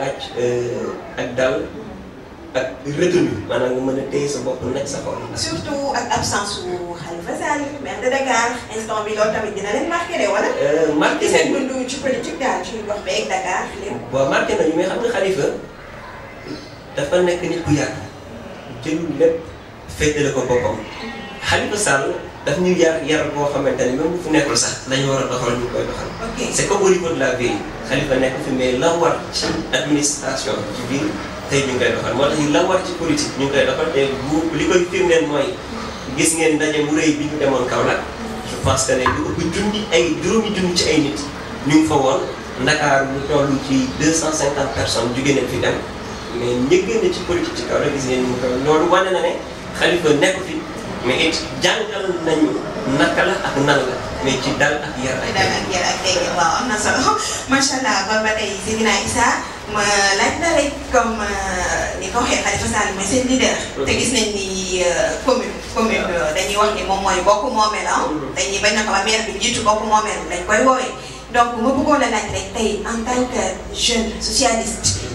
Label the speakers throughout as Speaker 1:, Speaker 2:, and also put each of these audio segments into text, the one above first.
Speaker 1: laaj euh, ak dal ak retenue maanaam nga mën a téye sa bopp nekk sa xol.
Speaker 2: surtout ak absence su Khalifa Sall maire de Dakar instant bi loolu tamit dina leen marqué de wala.
Speaker 1: Euh, marqué ci seen
Speaker 2: dund ci politique daal ci gox beeg Dakar lépp.
Speaker 1: waaw marqué nañu mais xam nga Khalifa dafa nekk nit ku yàgg jëlul lépp féetale ko boppam Khalifa Sall. daf ñu yar yar boo xamante ne même fu nekkul sax lañu war a doxal ñu koy doxal. c' est comme au niveau de la ville xalifa nekk fi mais la war ci administration tey ñu ngi koy doxal la war ci politique ñu ngi koy doxal te bu li koy firndeel mooy gis ngeen ndaje mu rëy bi ñu demoon Kaolack. je pense que ne lu ëpp junni ay juróomi junni ci ay nit ñu ngi fa woon Ndakaar mu toll ci 250 personnes jugee nañ fi dem mais ñëggee na ci ci Kaolack gis ngeen ñu ngi koy loolu wane na ne xalifa nekk fi. mais it jàngal nañu naka la ak nan la mais ci dal ak yar ak dal
Speaker 2: ak yar ak dégg waaw am na solo macha allah kon ba tey Seydina Issa ma laaj na rek comme euh, ni ko waxee Khalifa Sall mooy seen leader. Mm-hmm. te gis nañ ni euh, commune commune euh, dañuy wax ni moom mooy bokk moomeelam. Ah. Mm-hmm. dañuy bañ na ko ba maire bi jiitu bokk moomeelam dañ koy woowee donc ma bëggoon a laaj rek tey en tant que jeune socialiste.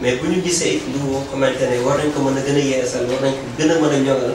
Speaker 1: mais bu ñu gisee lu xamante ne war nañ ko mën a gën a
Speaker 2: yeesal war nañ ko gën a mën a ñoŋal